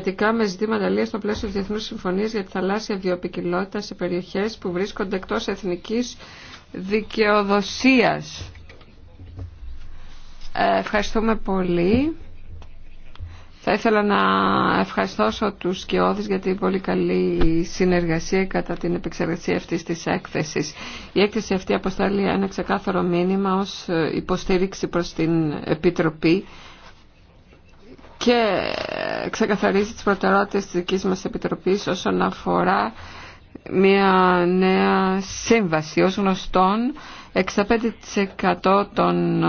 σχετικά με ζητήματα λία στο πλαίσιο τη Διεθνού Συμφωνία για τη θαλάσσια βιοπικιλότητα σε περιοχέ που βρίσκονται εκτό εθνική δικαιοδοσία. Ε, ευχαριστούμε πολύ. Θα ήθελα να ευχαριστώσω τους Σκιώδης για την πολύ καλή συνεργασία κατά την επεξεργασία αυτής της έκθεσης. Η έκθεση αυτή αποστέλει ένα ξεκάθαρο μήνυμα ως ε, υποστήριξη προς την Επιτροπή και ξεκαθαρίζει τις προτεραιότητες της δικής μας Επιτροπής όσον αφορά μια νέα σύμβαση. Ως γνωστόν, 65% των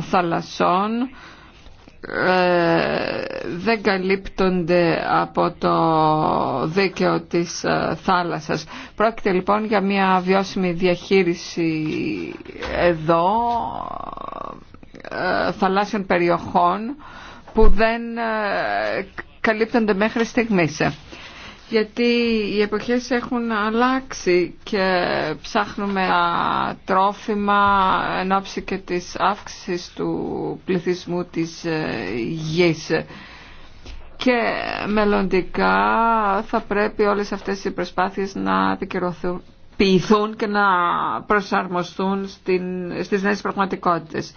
θαλασσών ε, δεν καλύπτονται από το δίκαιο της θάλασσας. Πρόκειται λοιπόν για μια βιώσιμη διαχείριση εδώ ε, θαλάσσιων περιοχών που δεν ε, καλύπτονται μέχρι στιγμής. Γιατί οι εποχές έχουν αλλάξει και ψάχνουμε τρόφιμα εν ώψη και της αύξησης του πληθυσμού της ε, γης. Και μελλοντικά θα πρέπει όλες αυτές οι προσπάθειες να επικυρωθούν και να προσαρμοστούν στην, στις νέες πραγματικότητες.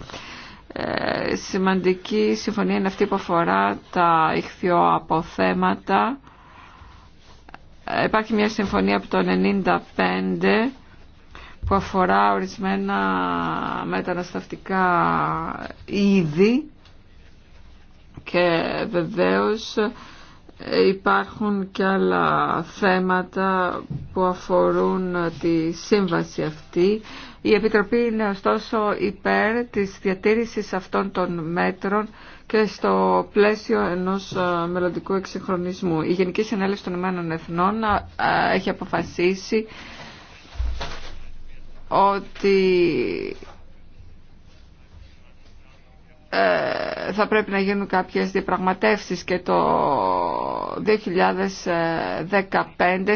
Ε, σημαντική συμφωνία είναι αυτή που αφορά τα ηχθειοαποθέματα. Ε, υπάρχει μια συμφωνία από το 1995 που αφορά ορισμένα μετανασταυτικά είδη και βεβαίως υπάρχουν και άλλα θέματα που αφορούν τη σύμβαση αυτή. Η Επιτροπή είναι ωστόσο υπέρ της διατήρησης αυτών των μέτρων και στο πλαίσιο ενός ε, μελλοντικού εξυγχρονισμού. Η Γενική Συνέλευση των Ηνωμένων Εθνών ε, έχει αποφασίσει ότι ε, θα πρέπει να γίνουν κάποιες διαπραγματεύσεις και το 2015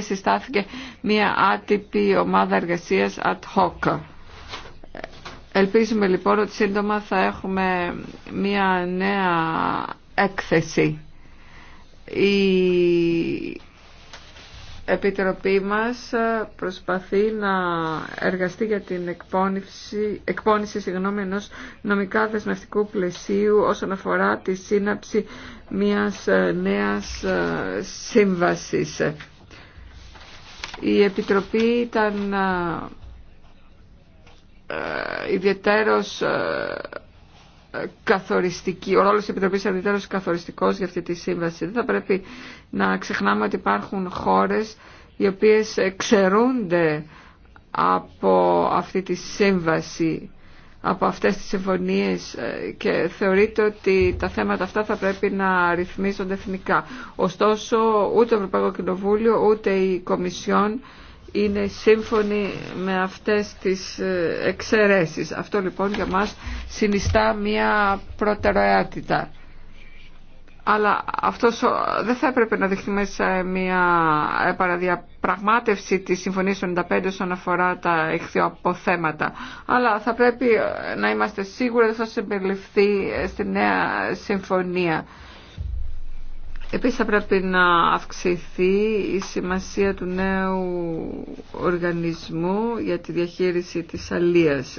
συστάθηκε μια άτυπη ομάδα εργασίας ad hoc. Ελπίζουμε λοιπόν ότι σύντομα θα έχουμε μια νέα έκθεση. Η Επιτροπή μας ε, προσπαθεί να εργαστεί για την εκπόνηση, συγγνώμη, ενός νομικά δεσμευτικού πλαισίου όσον αφορά τη σύναψη μιας ε, νέας ε, σύμβασης. Η Επιτροπή ήταν ιδιαίτερος καθοριστική, ο ρόλος της Επιτροπής αντιτέλους καθοριστικός για αυτή τη σύμβαση. Δεν θα πρέπει να ξεχνάμε ότι υπάρχουν χώρες οι οποίες ξερούνται από αυτή τη σύμβαση, από αυτές τις συμφωνίες ε, και θεωρείται ότι τα θέματα αυτά θα πρέπει να ρυθμίζονται εθνικά. Ωστόσο, ούτε το Ευρωπαϊκό Κοινοβούλιο, ούτε η Κομισιόν είναι σύμφωνη με αυτές τις ε, εξαιρέσεις. Αυτό λοιπόν για μας συνιστά μια προτεραιότητα. Αλλά αυτό δεν θα έπρεπε να δεχτεί μέσα μια παραδιαπραγμάτευση της Συμφωνίας του 95 όσον αφορά τα αποθέματα. Αλλά θα πρέπει να είμαστε σίγουροι ότι θα συμπεριληφθεί στη νέα συμφωνία. Επίσης θα πρέπει να αυξηθεί η σημασία του νέου οργανισμού για τη διαχείριση της αλίας.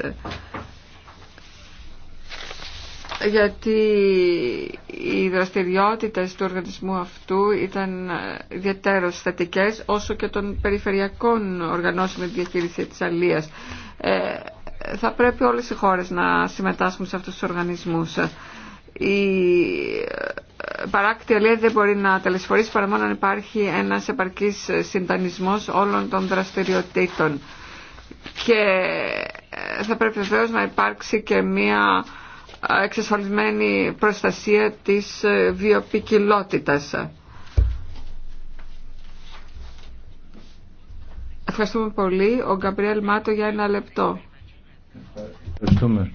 Γιατί οι δραστηριότητες του οργανισμού αυτού ήταν ιδιαίτερως θετικές όσο και των περιφερειακών οργανώσεων για τη διαχείριση της αλίας. Ε, θα πρέπει όλες οι χώρες να συμμετάσχουν σε αυτούς τους οργανισμούς παράκτη λέει δεν μπορεί να τελεσφορήσει παρά μόνο αν υπάρχει ένας επαρκής συντανισμός όλων των δραστηριοτήτων. Και ε, θα πρέπει βεβαίω να υπάρξει και μία ε, εξασφαλισμένη προστασία της ε, βιοπικιλότητας. Ευχαριστούμε πολύ. Ο Γκαμπριέλ Μάτο για ένα λεπτό. Ευχαριστούμε.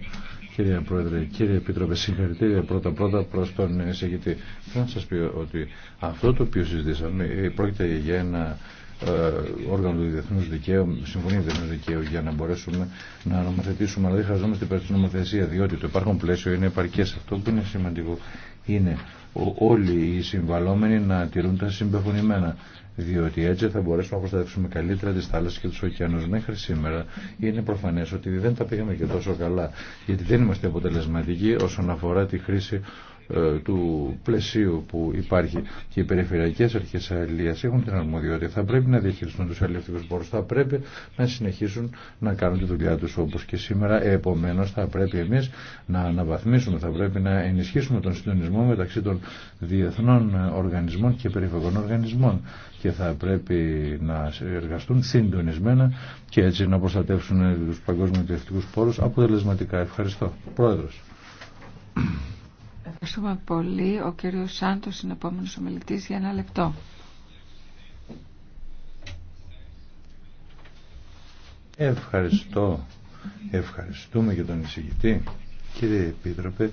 Κύριε Πρόεδρε, κύριε Επίτροπε, συγχαρητήρια πρώτα πρώτα προ τον εισηγητή. Θέλω να σα πω ότι αυτό το οποίο συζητήσαμε ε, πρόκειται για ένα ε, όργανο του διεθνού δικαίου, συμφωνία διεθνού δικαίου για να μπορέσουμε να νομοθετήσουμε, αλλά δεν χρειαζόμαστε υπέρ τη νομοθεσία, διότι το υπάρχον πλαίσιο είναι επαρκέ. Αυτό που είναι σημαντικό είναι όλοι οι συμβαλόμενοι να τηρούν τα συμπεφωνημένα διότι έτσι θα μπορέσουμε να προστατεύσουμε καλύτερα τις θάλασσες και τους ωκεανούς. Μέχρι σήμερα είναι προφανές ότι δεν τα πήγαμε και τόσο καλά, γιατί δεν είμαστε αποτελεσματικοί όσον αφορά τη χρήση ε, του πλαισίου που υπάρχει και οι περιφερειακές αρχές αλληλείας έχουν την αρμοδιότητα. Θα πρέπει να διαχειριστούν τους αλληλευτικούς πόρους, θα πρέπει να συνεχίσουν να κάνουν τη δουλειά τους όπως και σήμερα. επομένω θα πρέπει εμείς να αναβαθμίσουμε, θα πρέπει να ενισχύσουμε τον συντονισμό μεταξύ των διεθνών οργανισμών και περιφερειακών οργανισμών και θα πρέπει να εργαστούν συντονισμένα και έτσι να προστατεύσουν τους παγκόσμιους διευθυντικούς πόρους αποτελεσματικά. Ευχαριστώ. Πρόεδρος. Ευχαριστούμε πολύ. Ο κύριος Σάντος είναι επόμενος ομιλητής για ένα λεπτό. Ευχαριστώ. Ευχαριστούμε για τον εισηγητή. Κύριε Επίτροπε,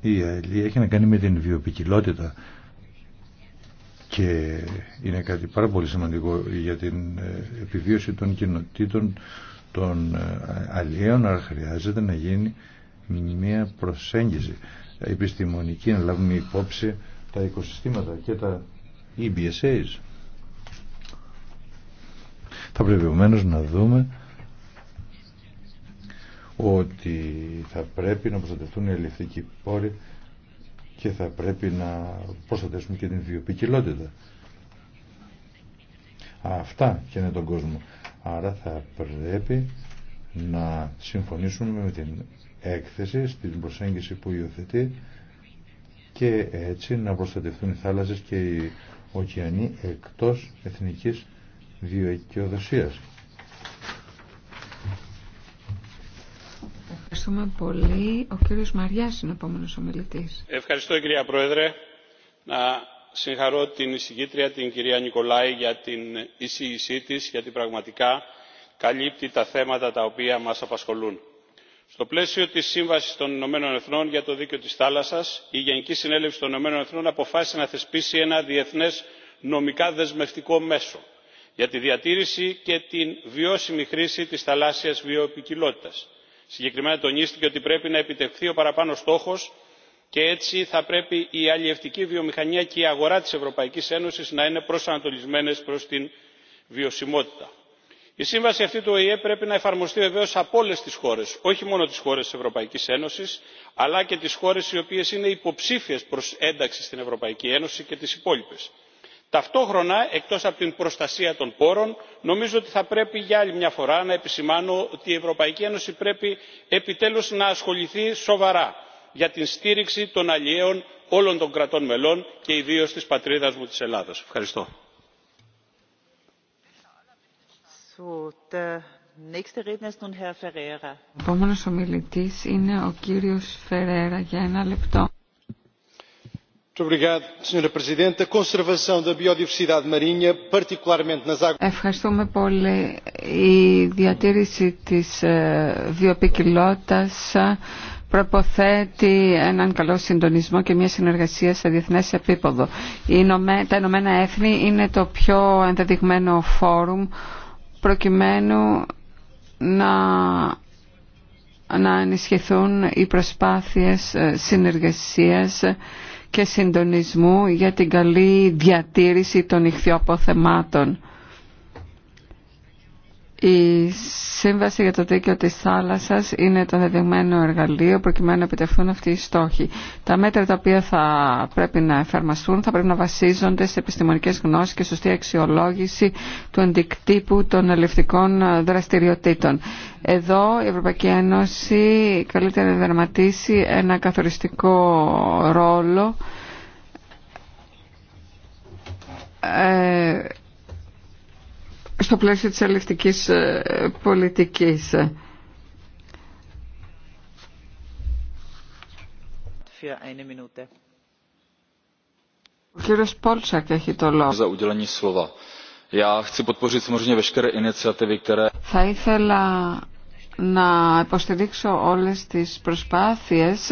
η ΑΕΛΗ έχει να κάνει με την βιοπικιλότητα και είναι κάτι πάρα πολύ σημαντικό για την ε, επιβίωση των κοινοτήτων των ε, αλλιέων αλλά χρειάζεται να γίνει μια προσέγγιση επιστημονική να λάβουμε υπόψη τα οικοσυστήματα και τα EBSAs θα πρέπει ομένως να δούμε ότι θα πρέπει να προστατευτούν οι ελευθερικοί πόροι και θα πρέπει να προστατεύσουμε και την βιοπικιλότητα. Αυτά και είναι τον κόσμο. Άρα θα πρέπει να συμφωνήσουμε με την έκθεση στην προσέγγιση που υιοθετεί και έτσι να προστατευτούν οι θάλασσες και οι ωκεανοί εκτός εθνικής διοικειοδοσίας. Ευχαριστούμε πολύ. Ο κύριος Μαριάς είναι ο επόμενος ομιλητής. Ευχαριστώ κυρία Πρόεδρε. Να συγχαρώ την εισηγήτρια την κυρία Νικολάη για την εισήγησή της γιατί πραγματικά καλύπτει τα θέματα τα οποία μας απασχολούν. Στο πλαίσιο της Σύμβασης των Ηνωμένων Εθνών για το Δίκαιο της Θάλασσας, η Γενική Συνέλευση των Ηνωμένων Εθνών αποφάσισε να θεσπίσει ένα διεθνές νομικά δεσμευτικό μέσο για τη διατήρηση και την βιώσιμη χρήση της θαλάσσιας βιοποικιλότητας συγκεκριμένα τονίστηκε ότι πρέπει να επιτευχθεί ο παραπάνω στόχος και έτσι θα πρέπει η αλλιευτική βιομηχανία και η αγορά της ευρωπαϊκής ένωσης να είναι προσανατολισμένες προς την βιωσιμότητα. η σύμβαση αυτή του οηε πρέπει να εφαρμοστεί βεβαίως από όλες τις χώρες όχι μόνο τις χώρες της ευρωπαϊκής ένωσης αλλά και τις χώρες οι οποίες είναι υποψήφιες προς ένταξη στην ευρωπαϊκή ένωση και τις υπόλοιπες ταυτόχρονα εκτός από την προστασία των πόρων νομίζω ότι θα πρέπει για άλλη μια φορά να επισημάνω ότι η ευρωπαϊκή ένωση πρέπει επιτέλους να ασχοληθεί σοβαρά για την στήριξη των αλλιέων όλων των κρατών μελών και ιδίως της πατρίδας μου της ελλάδος. ευχαριστώ. Ευχαριστούμε πολύ. Η διατήρηση της ε, βιοπικιλότητας ε, προποθέτει έναν καλό συντονισμό και μια συνεργασία σε διεθνές επίπεδο. Τα Ηνωμένα Έθνη είναι το πιο ενδεδειγμένο φόρουμ προκειμένου να να ενισχυθούν οι προσπάθειες ε, συνεργασίας και συντονισμού για την καλή διατήρηση των ηχθειοποθεμάτων. Η Σύμβαση για το Δίκαιο της Θάλασσας είναι το δεδειγμένο εργαλείο προκειμένου να επιτευχθούν αυτοί οι στόχοι. Τα μέτρα τα οποία θα πρέπει να εφαρμαστούν θα πρέπει να βασίζονται σε επιστημονικές γνώσεις και σωστή αξιολόγηση του αντικτύπου των ελευτικών δραστηριοτήτων. Εδώ η Ευρωπαϊκή Ένωση καλύτερα να δερματίσει ένα καθοριστικό ρόλο ε, στο πλαίσιο της αλληλευτικής ε, πολιτικής. Ο κύριος Πόλτσακ έχει το λόγο. Θα ήθελα να υποστηρίξω όλες τις προσπάθειες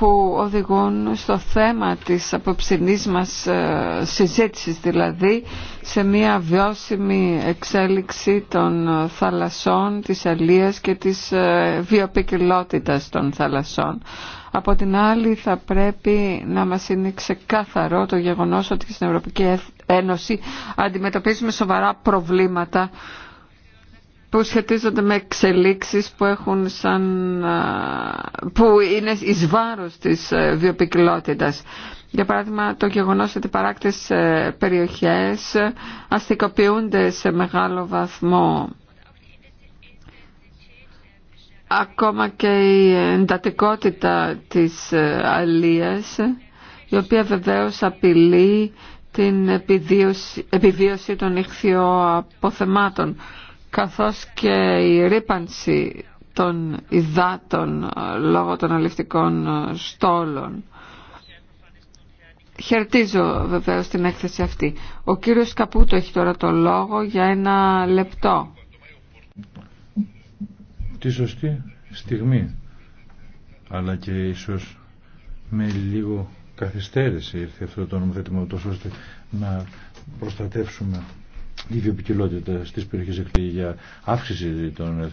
που οδηγούν στο θέμα της αποψινής μας ε, συζήτησης δηλαδή σε μια βιώσιμη εξέλιξη των θαλασσών, της αλίας και της ε, βιοπικιλότητας των θαλασσών. Από την άλλη θα πρέπει να μας είναι ξεκάθαρο το γεγονός ότι στην Ευρωπαϊκή Ένωση αντιμετωπίζουμε σοβαρά προβλήματα που σχετίζονται με εξελίξεις που έχουν σαν, που είναι εις βάρος της ε, βιοπικιλότητας. Για παράδειγμα το γεγονός ότι παράκτες ε, περιοχές αστικοποιούνται σε μεγάλο βαθμό. Ακόμα και η εντατικότητα της ε, αλίας, η οποία βεβαίως απειλεί την επιβίωση των ηχθειοαποθεμάτων. αποθεμάτων καθώς και η ρήπανση των υδάτων ε, λόγω των αληφτικών ε, στόλων. Χαιρετίζω βεβαίως την έκθεση αυτή. Ο κύριος Καπούτο έχει τώρα το λόγο για ένα λεπτό. Τη σωστή στιγμή, αλλά και ίσως με λίγο καθυστέρηση ήρθε αυτό το νομοθέτημα, τόσο ώστε να προστατεύσουμε η βιοποικιλότητα στις περιοχές εκλήγει για αύξηση των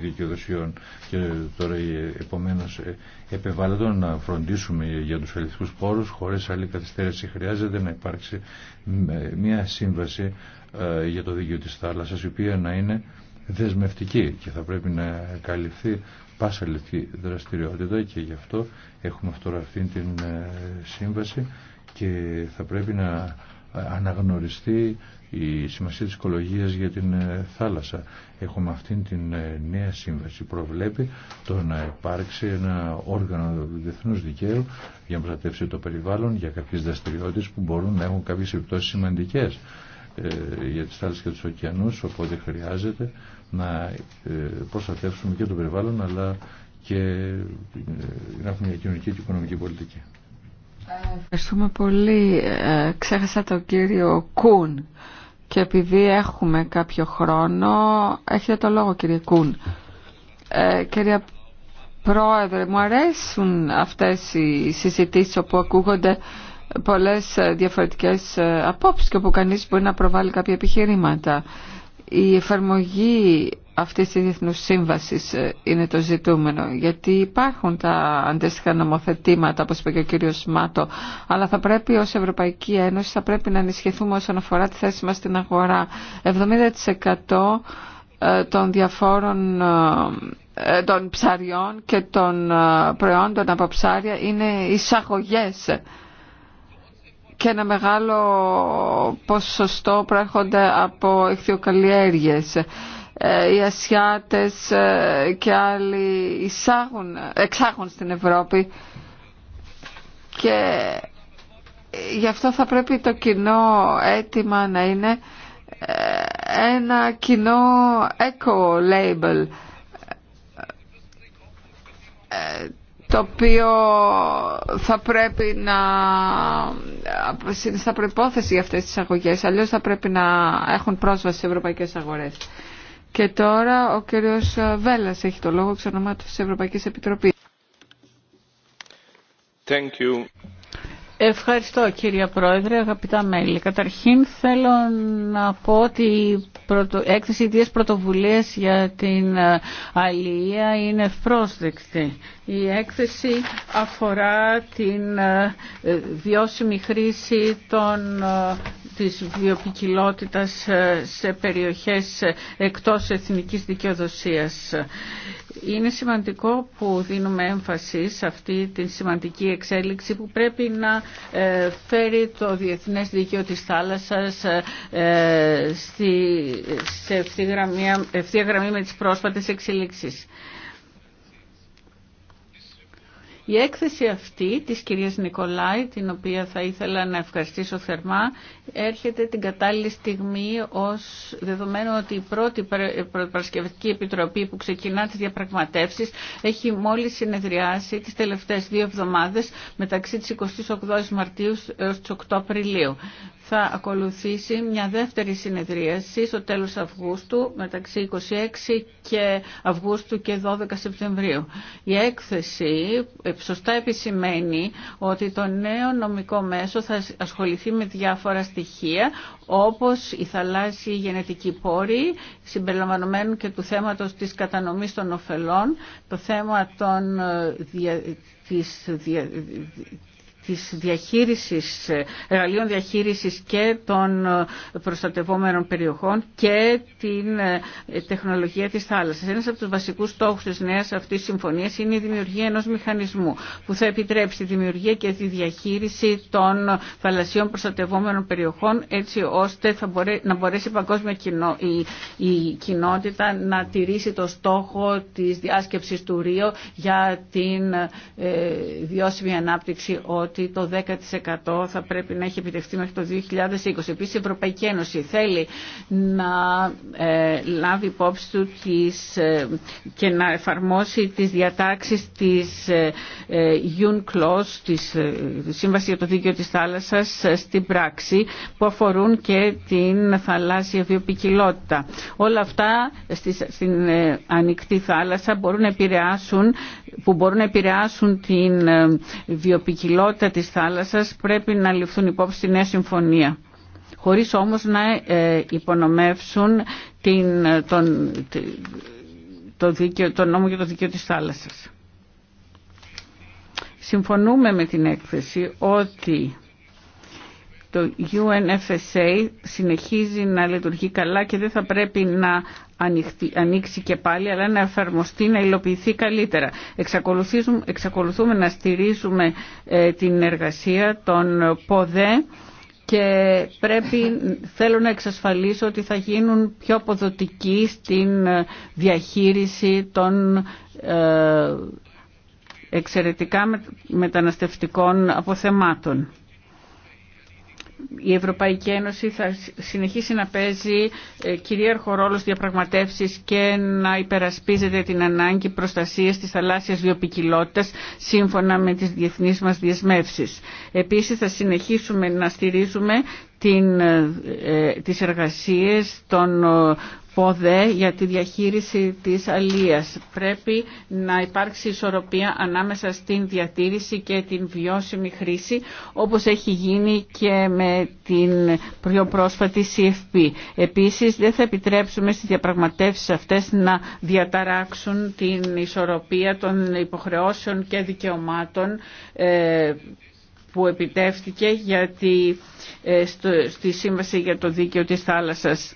δικαιοδοσιών και τώρα επομένως ε, επεβάλλεται να φροντίσουμε για τους αληθικούς πόρους χωρίς άλλη καθυστέρηση χρειάζεται να υπάρξει ε, μια σύμβαση ε, για το δίκαιο της θάλασσας η οποία να είναι δεσμευτική και θα πρέπει να καλυφθεί πάσα λεπτή δραστηριότητα και γι' αυτό έχουμε τώρα αυτήν την σύμβαση και θα πρέπει να αναγνωριστεί η σημασία της οικολογίας για την ε, θάλασσα. Έχουμε αυτήν την ε, νέα σύμβαση. Προβλέπει το να υπάρξει ένα όργανο διεθνού δικαίου για να προστατεύσει το περιβάλλον για κάποιες δραστηριότητε που μπορούν να έχουν κάποιες επιπτώσεις σημαντικές ε, για τις θάλασσες και τους ωκεανούς οπότε χρειάζεται να προστατεύσουμε και το περιβάλλον αλλά και να έχουμε μια κοινωνική και οικονομική πολιτική. Ευχαριστούμε πολύ. Ε, ξέχασα τον κύριο Κούν και επειδή έχουμε κάποιο χρόνο, έχετε το λόγο κύριε Κούν. Ε, κυρία Πρόεδρε, μου αρέσουν αυτές οι συζητήσεις όπου ακούγονται πολλές ε, διαφορετικές ε, απόψεις και όπου κανείς μπορεί να προβάλλει κάποια επιχειρήματα η εφαρμογή αυτής της διεθνούς σύμβασης ε, είναι το ζητούμενο γιατί υπάρχουν τα αντίστοιχα νομοθετήματα όπως είπε και ο κύριος Μάτο αλλά θα πρέπει ως Ευρωπαϊκή Ένωση θα πρέπει να ενισχυθούμε όσον αφορά τη θέση μας στην αγορά 70% ε, των διαφόρων ε, των ψαριών και των προϊόντων από ψάρια είναι εισαγωγές και ένα μεγάλο ποσοστό προέρχονται από ηχθειοκαλλιέργειες. Ε, οι Ασιάτες ε, και άλλοι εξάγουν στην Ευρώπη και γι' αυτό θα πρέπει το κοινό αίτημα να είναι ε, ένα κοινό eco-label το οποίο θα πρέπει να είναι στα προπόθεση για αυτές τις αγωγές, αλλιώς θα πρέπει να έχουν πρόσβαση σε ευρωπαϊκές αγορές. Και τώρα ο κύριος Βέλλας έχει το λόγο εξ της Ευρωπαϊκής Επιτροπής. Thank you. Ευχαριστώ κύριε Πρόεδρε, αγαπητά μέλη. Καταρχήν θέλω να πω ότι η έκθεση ιδίες πρωτοβουλίας για την ε, αλληλεία είναι ευπρόσδεκτη. Η έκθεση αφορά την ε, ε, βιώσιμη χρήση των της βιοποικιλότητας ε, σε περιοχές ε, εκτός εθνικής δικαιοδοσίας. Είναι σημαντικό που δίνουμε έμφαση σε αυτή τη σημαντική εξέλιξη που πρέπει να ε, φέρει το διεθνές δίκαιο της θάλασσας σε ευθεία γραμμή με τις πρόσφατες εξελίξεις. Η έκθεση αυτή της κυρίας Νικολάη, την οποία θα ήθελα να ευχαριστήσω θερμά, έρχεται την κατάλληλη στιγμή ως δεδομένο ότι η πρώτη Παρασκευαστική Επιτροπή που ξεκινά τις διαπραγματεύσεις έχει μόλις συνεδριάσει τις τελευταίες δύο εβδομάδες μεταξύ της 28 Μαρτίου έως της 8 Απριλίου θα ακολουθήσει μια δεύτερη συνεδρίαση στο τέλος Αυγούστου μεταξύ 26 και Αυγούστου και 12 Σεπτεμβρίου. Η έκθεση σωστά επισημαίνει ότι το νέο νομικό μέσο θα ασχοληθεί με διάφορα στοιχεία όπως η θαλάσσια γενετική πόρη συμπεριλαμβανομένου και του θέματος της κατανομής των ωφελών, το θέμα των ε, της διαχείρισης, εργαλείων διαχείρισης και των προστατευόμενων περιοχών και την ε, τεχνολογία της θάλασσας. Ένας από τους βασικούς στόχους της νέας αυτής συμφωνίας είναι η δημιουργία ενός μηχανισμού που θα επιτρέψει τη δημιουργία και τη διαχείριση των θαλασσίων προστατευόμενων περιοχών έτσι ώστε θα να μπορέσει η παγκόσμια η, κοινότητα να τηρήσει το στόχο της διάσκεψης του Ρίο για την ε, βιώσιμη ανάπτυξη ότι το 10% θα πρέπει να έχει επιτευχθεί μέχρι το 2020. Επίσης η Ευρωπαϊκή Ένωση θέλει να ε, λάβει υπόψη του τις, ε, και να εφαρμόσει τις διατάξεις της ε, UNCLOS, της σύμβαση για το Δίκαιο της Θάλασσας, στην πράξη που αφορούν και την θαλάσσια βιοπικιλότητα. Όλα αυτά στην ανοιχτή θάλασσα μπορούν να επηρεάσουν, που μπορούν να επηρεάσουν την βιοπικιλότητα ποιότητα της θάλασσας πρέπει να ληφθούν υπόψη στη νέα συμφωνία χωρίς όμως να ε, υπονομεύσουν την, ε, τον, το, τον νόμο για το δίκαιο της θάλασσας. Συμφωνούμε με την έκθεση ότι το UNFSA συνεχίζει να λειτουργεί καλά και δεν θα πρέπει να ανοίξει και πάλι αλλά να εφαρμοστεί, να υλοποιηθεί καλύτερα. Εξακολουθούμε να στηρίζουμε ε, την εργασία των ΠΟΔΕ και πρέπει, θέλω να εξασφαλίσω ότι θα γίνουν πιο αποδοτικοί στην ε, διαχείριση των ε, εξαιρετικά μεταναστευτικών αποθεμάτων η Ευρωπαϊκή Ένωση θα συνεχίσει να παίζει ε, κυρίαρχο ρόλο στις διαπραγματεύσεις και να υπερασπίζεται την ανάγκη προστασίας της θαλάσσιας βιοπικιλότητας σύμφωνα με τις διεθνείς μας διεσμεύσεις. Επίσης θα συνεχίσουμε να στηρίζουμε την, ε, ε, τις εργασίες των για τη διαχείριση της αλίας. Πρέπει να υπάρξει ισορροπία ανάμεσα στην διατήρηση και την βιώσιμη χρήση, όπως έχει γίνει και με την πιο πρόσφατη CFP. Επίσης, δεν θα επιτρέψουμε στις διαπραγματεύσεις αυτές να διαταράξουν την ισορροπία των υποχρεώσεων και δικαιωμάτων ε, που επιτεύχθηκε για ε, στη Σύμβαση για το Δίκαιο της Θάλασσας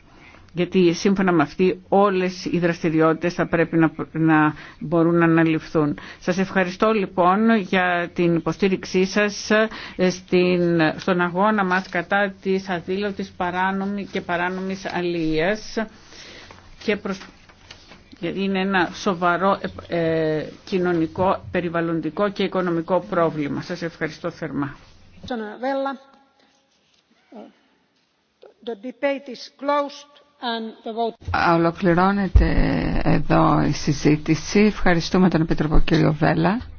γιατί σύμφωνα με αυτή όλες οι δραστηριότητες θα πρέπει να, μπορούν να αναλυφθούν. Σας ευχαριστώ λοιπόν για την υποστήριξή σας ε, στην, στον αγώνα μας κατά της αδήλωτης παράνομη και παράνομης αλληλείας και προς, είναι ένα σοβαρό ε, ε, κοινωνικό, περιβαλλοντικό και οικονομικό πρόβλημα. Σας ευχαριστώ θερμά. The debate is closed. Ολοκληρώνεται εδώ η συζήτηση. Ευχαριστούμε τον Επίτροπο κύριο Βέλα.